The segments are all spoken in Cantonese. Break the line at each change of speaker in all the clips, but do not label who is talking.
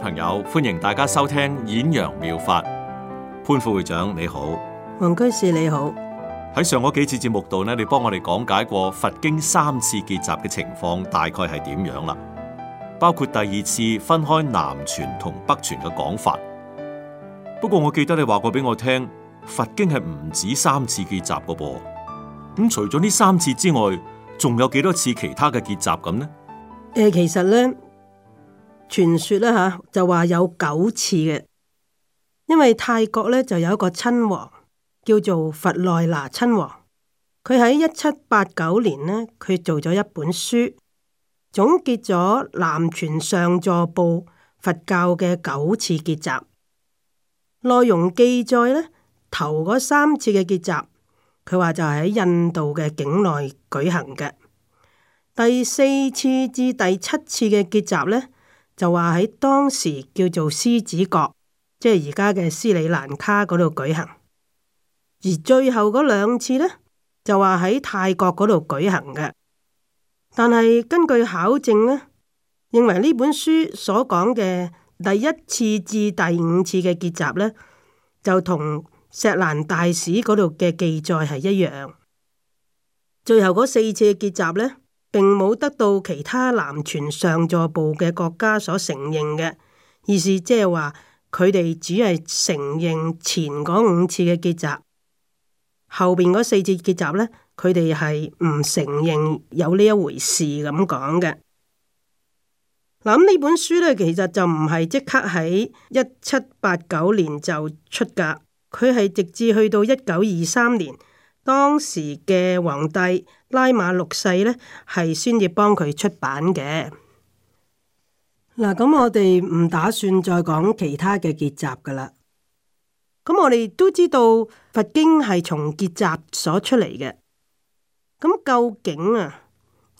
朋友，歡迎大家收聽《演揚妙，妙法》。潘副會長你好，
黃居士你好。
喺上嗰幾次節目度呢，你幫我哋講解過佛經三次結集嘅情況，大概係點樣啦？包括第二次分開南傳同北傳嘅講法。不過我記得你話過俾我聽，佛經係唔止三次結集嘅噃。咁、嗯、除咗呢三次之外，仲有幾多次其他嘅結集咁呢？
誒、呃，其實咧。傳說咧嚇，就話有九次嘅，因為泰國呢，就有一個親王叫做佛奈拿親王，佢喺一七八九年呢，佢做咗一本書，總結咗南傳上座部佛教嘅九次結集。內容記載呢，頭嗰三次嘅結集，佢話就係喺印度嘅境內舉行嘅。第四次至第七次嘅結集呢，就話喺當時叫做獅子國，即係而家嘅斯里蘭卡嗰度舉行。而最後嗰兩次呢，就話喺泰國嗰度舉行嘅。但係根據考證呢，認為呢本書所講嘅第一次至第五次嘅結集呢，就同錫蘭大史嗰度嘅記載係一樣。最後嗰四次嘅結集呢。並冇得到其他南傳上座部嘅國家所承認嘅，意思即係話佢哋只係承認前嗰五次嘅結集，後邊嗰四次結集呢，佢哋係唔承認有呢一回事咁講嘅。嗱，呢本書呢，其實就唔係即刻喺一七八九年就出㗎，佢係直至去到一九二三年。當時嘅皇帝拉馬六世呢，係先至幫佢出版嘅。嗱，咁我哋唔打算再講其他嘅結集噶啦。咁我哋都知道佛經係從結集所出嚟嘅。咁究竟啊，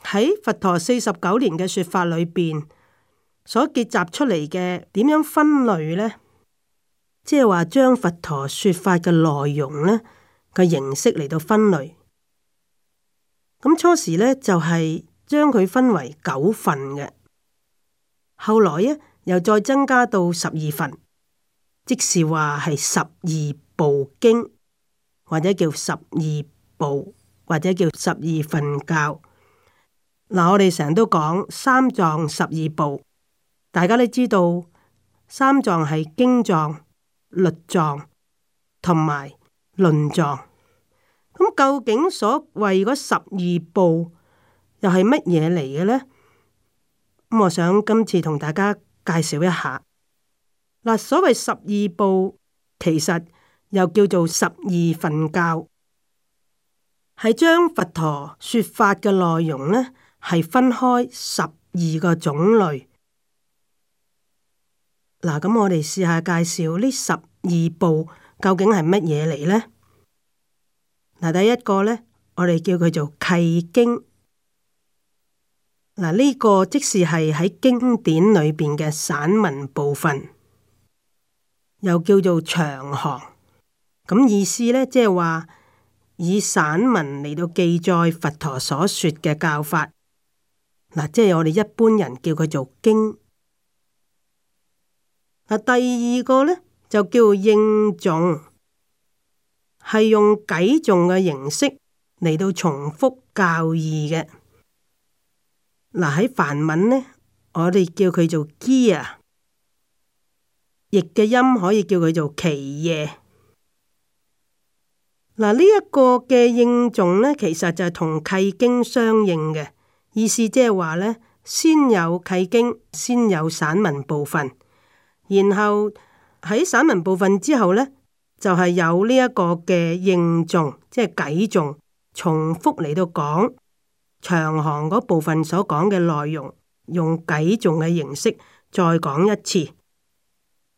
喺佛陀四十九年嘅說法裏邊，所結集出嚟嘅點樣分類呢？即係話將佛陀說法嘅內容呢。個形式嚟到分類，咁初時呢就係、是、將佢分為九份嘅，後來啊又再增加到十二份，即是話係十二部經，或者叫十二部，或者叫十二分教。嗱，我哋成日都講三藏十二部，大家都知道三藏係經藏、律藏同埋。論狀。咁，究竟所謂嗰十二部又係乜嘢嚟嘅呢？咁我想今次同大家介紹一下。嗱，所謂十二部其實又叫做十二分教，係將佛陀說法嘅內容呢係分開十二個種類。嗱，咁我哋試下介紹呢十二部。究竟係乜嘢嚟呢？嗱，第一個呢，我哋叫佢做契經。嗱，呢個即是係喺經典裏邊嘅散文部分，又叫做長行。咁意思呢，即係話以散文嚟到記載佛陀所說嘅教法。嗱，即係我哋一般人叫佢做經。嗱，第二個呢。就叫應誦，係用偈誦嘅形式嚟到重複教義嘅。嗱、啊、喺梵文呢，我哋叫佢做基啊，譯嘅音可以叫佢做奇夜、啊。嗱，呢一個嘅應誦呢，其實就係同契經相應嘅意思，即係話呢，先有契經，先有散文部分，然後，喺散文部分之後呢，就係、是、有呢一個嘅應頌，即係偈頌重複嚟到講長行嗰部分所講嘅內容，用偈頌嘅形式再講一次。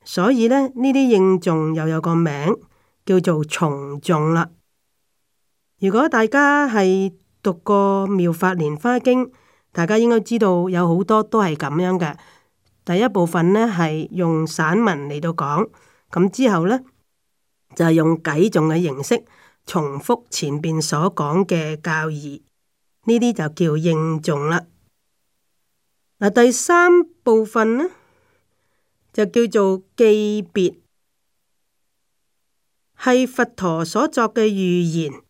所以呢，呢啲應頌又有個名叫做重頌啦。如果大家係讀過《妙法蓮花經》，大家應該知道有好多都係咁樣嘅。第一部分呢，係用散文嚟到講，咁之後呢，就係用偈誦嘅形式重複前邊所講嘅教義，呢啲就叫應誦啦。嗱，第三部分呢，就叫做記別，係佛陀所作嘅預言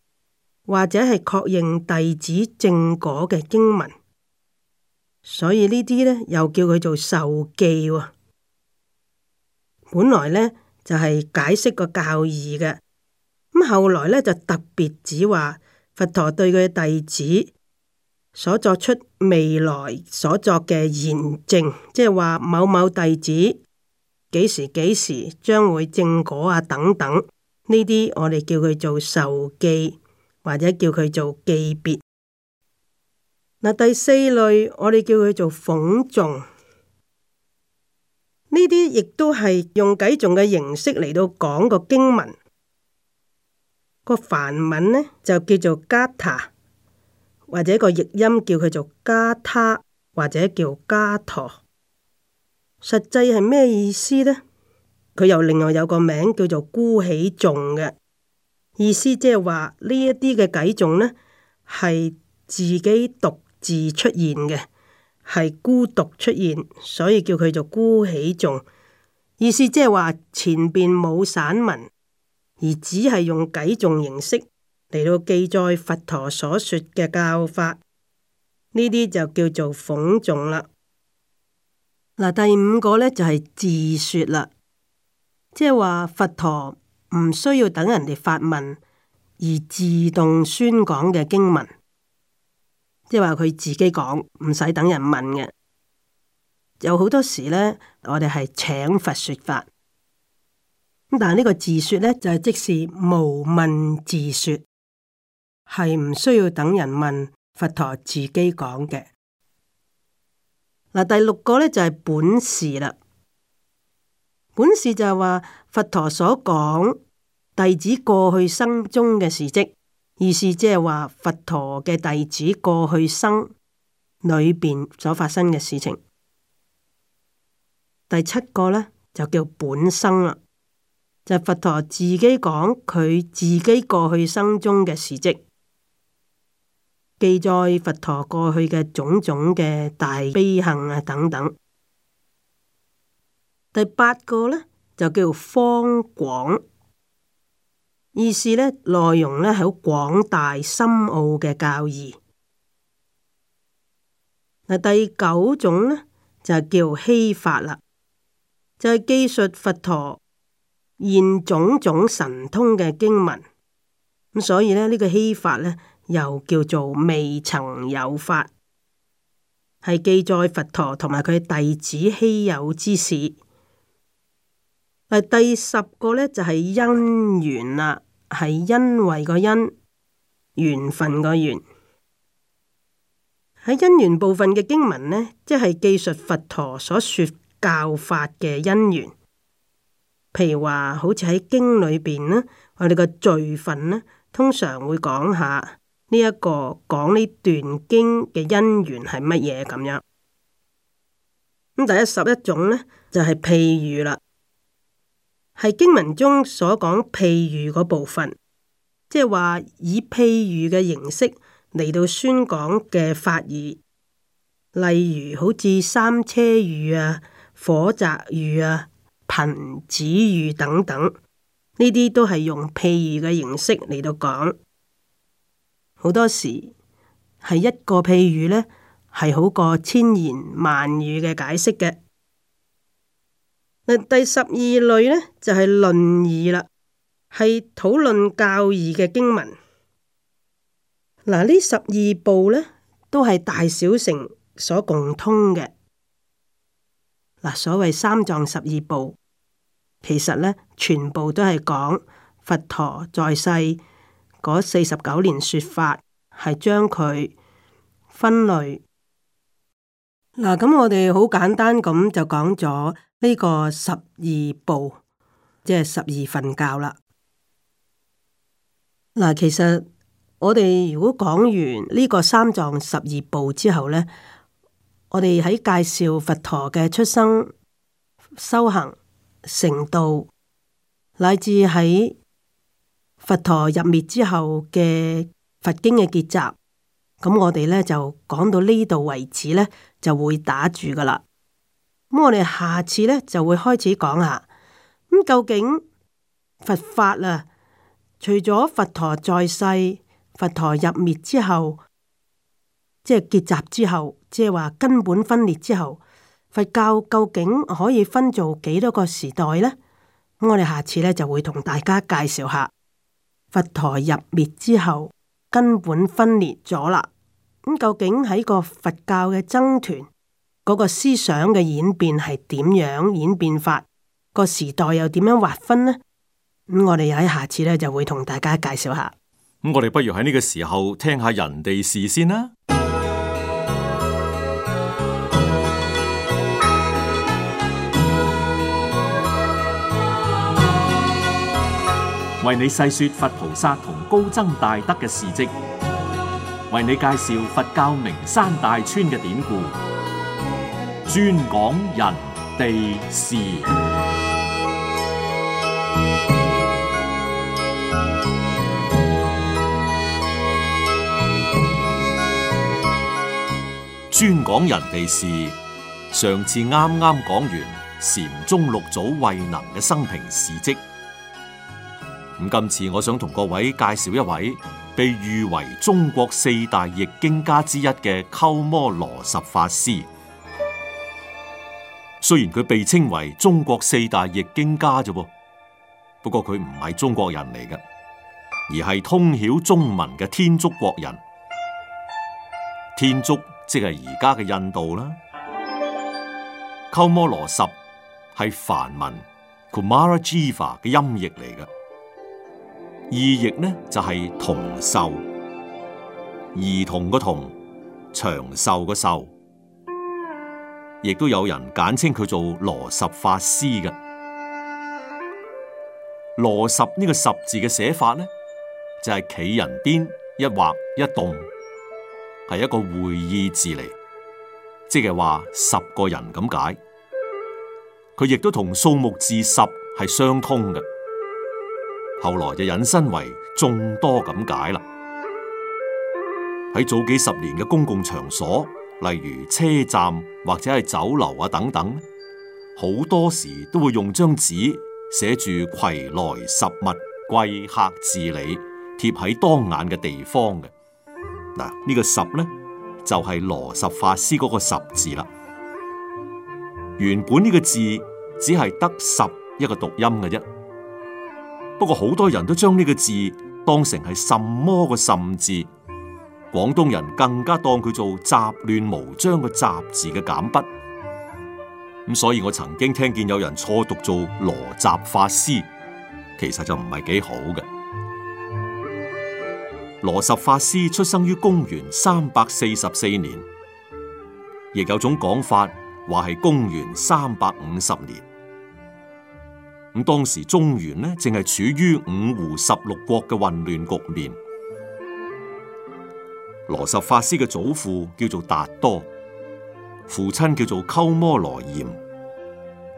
或者係確認弟子正果嘅經文。所以呢啲呢又叫佢做受記、哦、本來呢就係、是、解釋個教義嘅，咁後來呢就特別指話佛陀對佢嘅弟子所作出未來所作嘅言證，即係話某某弟子幾時幾時將會正果啊等等呢啲，我哋叫佢做受記，或者叫佢做記別。第四類我哋叫佢做諷誦，呢啲亦都係用偈誦嘅形式嚟到講個經文，個梵文呢，就叫做加塔，或者個譯音叫佢做加塔或者叫加陀，實際係咩意思呢？佢又另外有個名叫做孤起頌嘅，意思即係話呢一啲嘅偈誦呢，係自己讀。字出現嘅係孤獨出現，所以叫佢做孤起頌，意思即係話前邊冇散文，而只係用偈頌形式嚟到記載佛陀所說嘅教法，呢啲就叫做諷頌啦。嗱，第五個呢，就係、是、自説啦，即係話佛陀唔需要等人哋發問而自動宣講嘅經文。即係話佢自己講，唔使等人問嘅。有好多時呢，我哋係請佛說法，咁但係呢個自說呢，就係即是無問自說，係唔需要等人問，佛陀自己講嘅。嗱，第六個呢，就係、是、本事啦，本事就係話佛陀所講弟子過去生中嘅事跡。意思即係話佛陀嘅弟子過去生裏邊所發生嘅事情，第七個呢，就叫本生啦，就係、是、佛陀自己講佢自己過去生中嘅事跡，記載佛陀過去嘅種種嘅大悲行啊等等。第八個呢，就叫方廣。意思呢內容呢係好廣大深奧嘅教義。嗱，第九種呢，就係叫希法啦，就係記述佛陀現種種神通嘅經文。咁所以呢，呢、呢個希法呢，又叫做未曾有法，係記載佛陀同埋佢弟子希有之事。嗱，第十個呢，就係、是、因緣啦。係因為個因，緣分個緣。喺因緣部分嘅經文呢，即係記述佛陀所說教法嘅因緣。譬如話，好似喺經裏邊呢，我哋個序分呢，通常會講下呢一、這個講呢段經嘅因緣係乜嘢咁樣。咁第一十一種呢，就係、是、譬喻啦。係經文中所講譬喻，嗰部分，即係話以譬喻嘅形式嚟到宣講嘅法語，例如好似三車喻啊、火宅喻啊、貧子喻等等，呢啲都係用譬喻嘅形式嚟到講。好多時係一個譬喻呢，係好過千言萬語嘅解釋嘅。第十二類呢，就係論義啦，係討論教義嘅經文。嗱，呢十二部呢，都係大小乘所共通嘅。嗱，所謂三藏十二部，其實呢，全部都係講佛陀在世嗰四十九年說法，係將佢分類。嗱，咁我哋好簡單咁就講咗。呢個十二部，即係十二分教啦。嗱，其實我哋如果講完呢個三藏十二部之後呢，我哋喺介紹佛陀嘅出生、修行、成道，乃至喺佛陀入滅之後嘅佛經嘅結集，咁我哋呢就講到呢度為止呢，就會打住噶啦。咁我哋下次呢就會開始講下，咁究竟佛法啊，除咗佛陀在世、佛陀入滅之後，即係結集之後，即係話根本分裂之後，佛教究竟可以分做幾多個時代呢？咁我哋下次呢就會同大家介紹下佛陀入滅之後根本分裂咗啦。咁究竟喺個佛教嘅僧團，嗰個思想嘅演變係點樣演變法？個時代又點樣劃分呢？咁，嗯，我哋喺下次咧就會同大家介紹下。咁
我哋不如喺呢個時候聽下人哋事先啦。為你細說佛菩薩同高僧大德嘅事跡，為你介紹佛教名山大川嘅典故。專講人哋事，專講人哋事。上次啱啱講完禪宗六祖慧能嘅生平事迹，咁今次我想同各位介紹一位被譽為中國四大譯經家之一嘅鳩摩羅什法師。雖然佢被稱為中國四大譯經家咋噃，不過佢唔係中國人嚟嘅，而係通曉中文嘅天竺國人。天竺即係而家嘅印度啦。鳩摩羅什係梵文 Kumarajiva 嘅音譯嚟嘅，意譯呢就係童壽，兒童個童，長壽個壽。亦都有人簡稱佢做羅十法師嘅。羅十呢、呢個十字嘅寫法呢，就係、是、企人邊一畫一動，係一個會意字嚟，即係話十個人咁解。佢亦都同數目字十係相通嘅，後來就引申為眾多咁解啦。喺早幾十年嘅公共場所。例如車站或者係酒樓啊等等，好多時都會用張紙寫住攜來什物，貴客自理，貼喺當眼嘅地方嘅。嗱，呢個什咧就係羅什法師嗰個什字啦。原本呢個字只係得十一個讀音嘅啫，不過好多人都將呢個字當成係甚麽個甚字。廣東人更加當佢做雜亂無章嘅雜字嘅簡筆，咁所以我曾經聽見有人錯讀做羅什法師，其實就唔係幾好嘅。羅什法師出生於公元三百四十四年，亦有種講法話係公元三百五十年。咁當時中原呢，正係處於五胡十六國嘅混亂局面。羅什法師嘅祖父叫做達多，父親叫做鳩摩羅炎，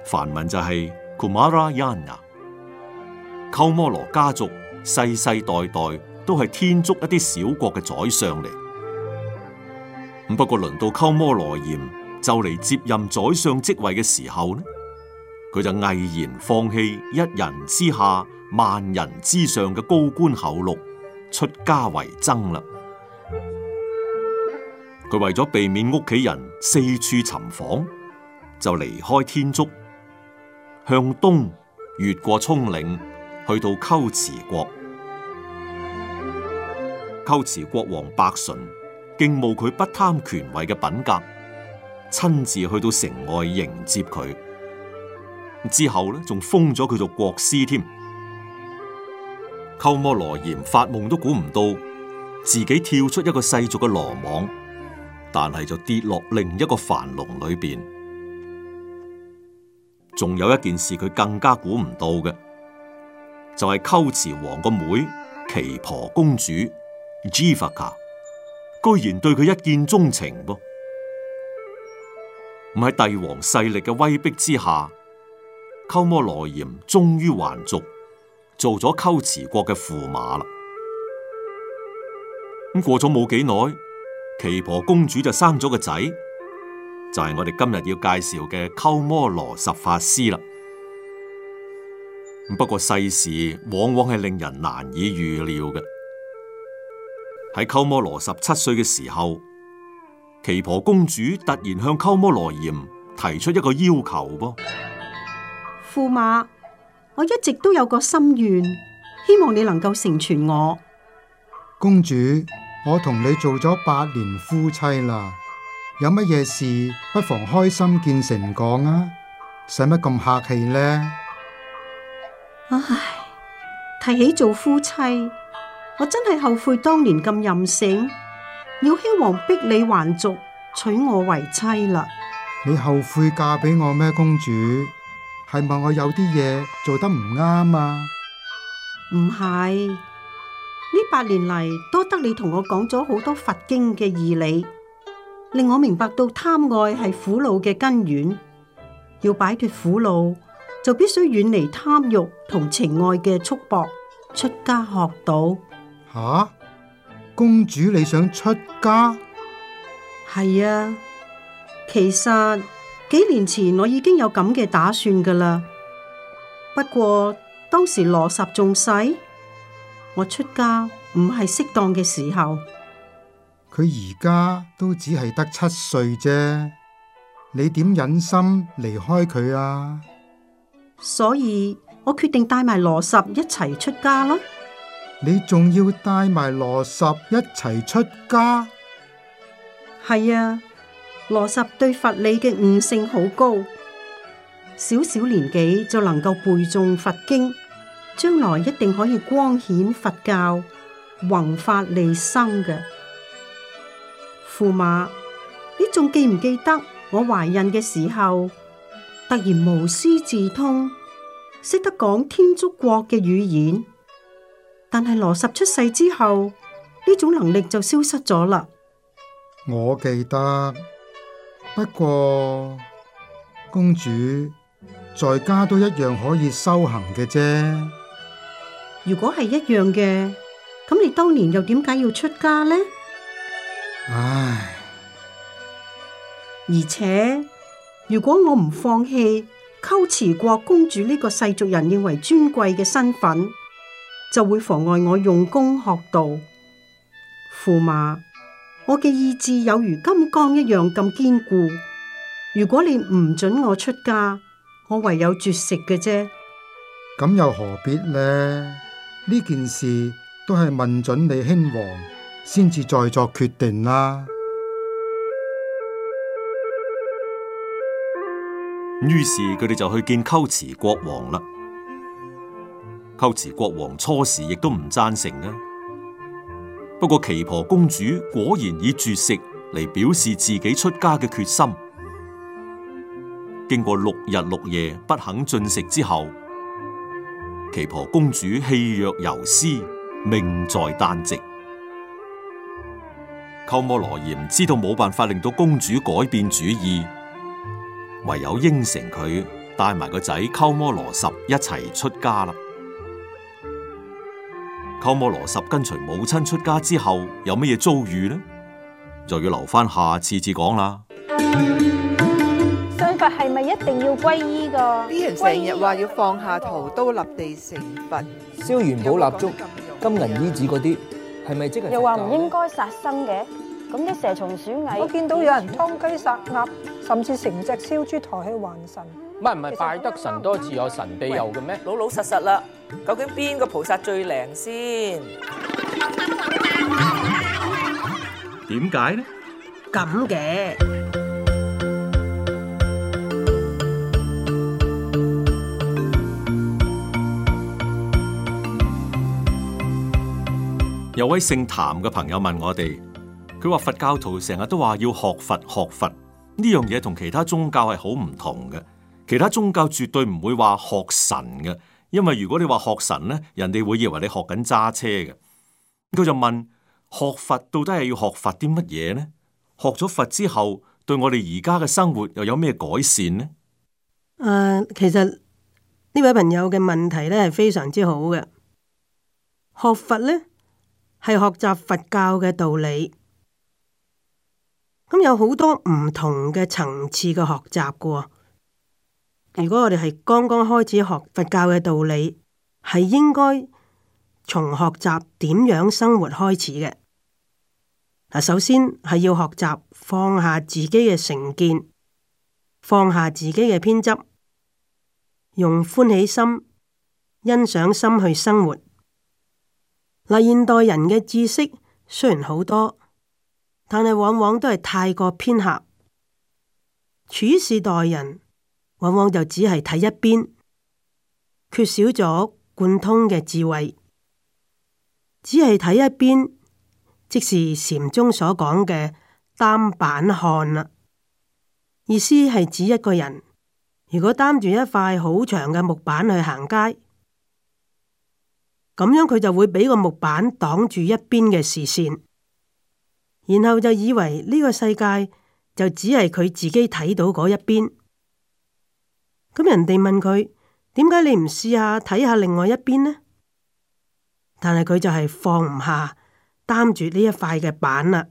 梵文就係 Kumarayana。鳩摩羅家族世世代代都係天竺一啲小國嘅宰相嚟。咁不過輪到鳩摩羅炎就嚟接任宰相職位嘅時候呢，佢就毅然放棄一人之下萬人之上嘅高官厚祿，出家為僧啦。佢為咗避免屋企人四處尋訪，就離開天竺，向東越過蔥嶺，去到龜茲國。龜茲國王白純敬慕佢不貪權位嘅品格，親自去到城外迎接佢。之後咧，仲封咗佢做國師添。鳩摩羅炎發夢都估唔到，自己跳出一個世俗嘅羅網。但係就跌落另一個樊籠裏邊，仲有一件事佢更加估唔到嘅，就係龜茲王個妹奇婆公主，Jivaka，居然對佢一見鍾情噃。唔喺帝王勢力嘅威逼之下，鳩摩羅炎終於還俗，做咗龜茲國嘅駙馬啦。咁過咗冇幾耐。奇婆公主就生咗個仔，就係、是、我哋今日要介紹嘅鳩摩羅什法師啦。不過世事往往係令人難以預料嘅。喺鳩摩羅什七歲嘅時候，奇婆公主突然向鳩摩羅炎提出一個要求噃。
駙馬，我一直都有個心願，
希望你能夠成全我。
公主。
我同你做咗八年夫妻啦，有乜嘢事不妨開心見誠講啊，使乜咁客氣呢？
唉，提起做夫妻，我真係後悔當年咁任性，姚興王逼你還俗娶我為妻啦。
你後悔嫁俾我咩？公主係咪我有啲嘢做得唔啱啊？
唔係。呢八年嚟，多得你同我講咗好多佛經嘅義理，令我明白到貪愛係苦惱嘅根源，要擺脫苦惱，就必須遠離貪欲同情愛嘅束縛，出家學道。吓、啊、公主，你想出家？係啊，其實幾年前我已經有咁嘅打算噶啦，不過當時羅什仲細。我出家唔係適當嘅時候，
佢而家都只係得七歲啫，你點忍心離開佢啊？所以我決定帶埋羅什一齊出家咯。你仲要帶埋羅什一齊出家？係啊，羅什對佛理
嘅悟性好高，小小年紀就能夠背誦佛經。將來一定可以光顯佛教、弘法利生嘅。駙馬，你仲記唔記得我懷孕嘅時候，突然無師自通，識得講天竺國嘅語言？但係羅什出世之後，呢種能
力就消失咗啦。我記得，不過公主在家都一樣可以修行嘅啫。如果係一樣嘅，咁你當年又點解要出
家呢？唉，而且如果我唔放棄龜茲國公主呢個世俗人認為尊貴嘅身份，就會妨礙我用功學道。駙馬，我嘅意志有如金剛一樣咁堅固。
如果你唔準我出家，我唯有絕食嘅啫。咁又何必呢？呢件事都係問准你興王先至再作決定啦。
於是佢哋就去見龜茲國王啦。龜茲國王初時亦都唔贊成啊。不過耆婆公主果然以絕食嚟表示自己出家嘅決心，經過六日六夜不肯進食之後。耆婆公主氣若游絲，命在旦夕。鳩摩羅炎知道冇辦法令到公主改變主意，唯有應承佢帶埋個仔鳩摩羅什一齊出家啦。鳩摩羅什跟隨母親出家之後有乜嘢遭遇呢？就要留翻下次次講啦。
係咪一定要皈依㗎？啲人成日話要放下屠刀立地成
佛，燒元寶蠟燭、金銀衣紙嗰啲，係咪即係？又話唔
應該殺生嘅，咁啲蛇蟲鼠蟻，我見到有人劏雞殺鴨，甚至成隻燒豬抬去還神。
唔係唔係，拜得神多自有神庇佑嘅咩？老老實實啦，究竟邊個菩薩最靈先？點解呢？
咁嘅。
有位姓譚嘅朋友問我哋，佢話佛教徒成日都話要學佛學佛呢樣嘢，同其他宗教係好唔同嘅。其他宗教絕對唔會話學神嘅，因為如果你話學神咧，人哋會以為你學緊揸車嘅。佢就問，學佛到底係要學佛啲乜嘢呢？學咗佛之後，對我哋而家嘅生活又有咩改善呢？」誒、
呃，其實呢位朋友嘅問題咧係非常之好嘅，學佛咧，係學習佛教嘅道理，咁、嗯、有好多唔同嘅層次嘅學習噶。如果我哋係剛剛開始學佛教嘅道理，係應該從學習點樣生活開始嘅。嗱，首先係要學習放下自己嘅成見，放下自己嘅偏執，用歡喜心、欣賞心去生活。嗱，現代人嘅知識雖然好多，但係往往都係太過偏狹，處事待人往往就只係睇一邊，缺少咗貫通嘅智慧，只係睇一邊，即是禪宗所講嘅擔板漢啦。意思係指一個人如果擔住一塊好長嘅木板去行街。咁樣佢就會俾個木板擋住一邊嘅視線，然後就以為呢個世界就只係佢自己睇到嗰一邊。咁人哋問佢：點解你唔試下睇下另外一邊呢？但係佢就係放唔下，擔住呢一塊嘅板啦。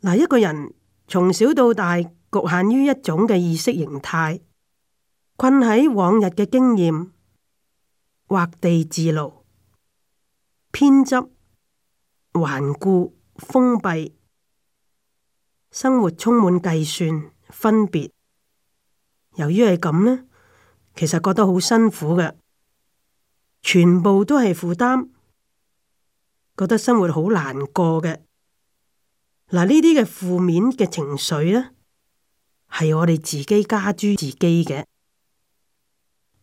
嗱，一個人從小到大局限於一種嘅意識形態，困喺往日嘅經驗。畫地自牢，偏執、頑固、封閉，生活充滿計算、分別。由於係咁呢，其實覺得好辛苦嘅，全部都係負擔，覺得生活好難過嘅。嗱，呢啲嘅負面嘅情緒呢，係我哋自己加諸自己嘅。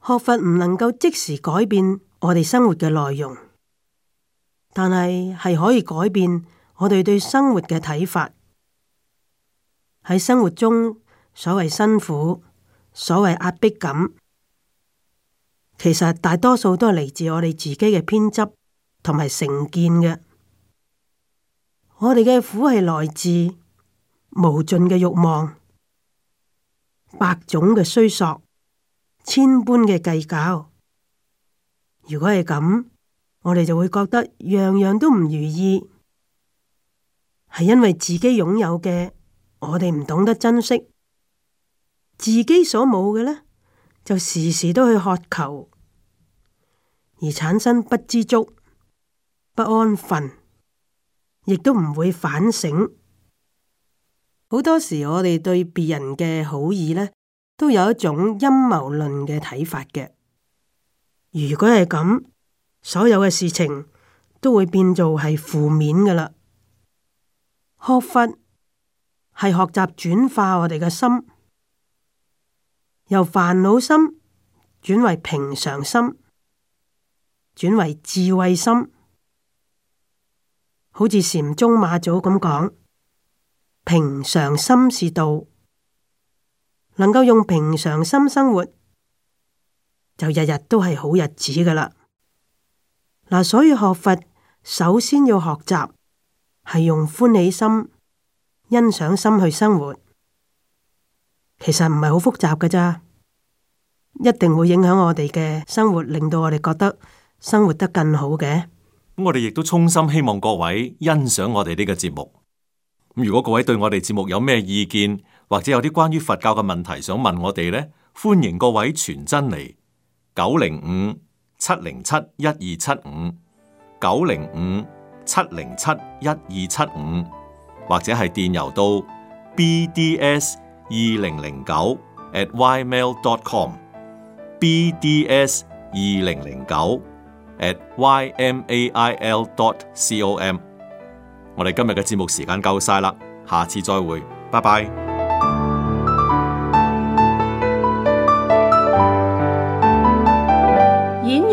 學佛唔能夠即時改變我哋生活嘅內容，但係係可以改變我哋對生活嘅睇法。喺生活中所謂辛苦、所謂壓迫感，其實大多數都係嚟自我哋自己嘅偏執同埋成見嘅。我哋嘅苦係來自無盡嘅欲望、百種嘅衰索。千般嘅計較，如果係咁，我哋就會覺得樣樣都唔如意，係因為自己擁有嘅，我哋唔懂得珍惜；自己所冇嘅呢，就時時都去渴求，而產生不知足、不安分，亦都唔會反省。好多時我哋對別人嘅好意呢，都有一種陰謀論嘅睇法嘅。如果係咁，所有嘅事情都會變做係負面㗎喇。學佛係學習轉化我哋嘅心，由煩惱心轉為平常心，轉為智慧心。好似禪宗馬祖咁講：平常心是道。能夠用平常心生活，就日日都係好日子噶啦。嗱，所以學佛首先要學習，係用歡喜心、欣賞心去生活。其實唔係好複雜噶咋，一定會影響我哋嘅生活，令到我哋覺得生活得更好嘅。
咁我哋亦都衷心希望各位欣賞我哋呢個節目。咁如果各位對我哋節目有咩意見，或者有啲關於佛教嘅問題想問我哋呢，歡迎各位傳真嚟，九零五七零七一二七五九零五七零七一二七五，75, 75, 或者係電郵到 bds 二零零九 @ymail.com bds 二零零九 @ymail.com。我哋今日嘅節目時間夠晒啦，下次再會，拜拜。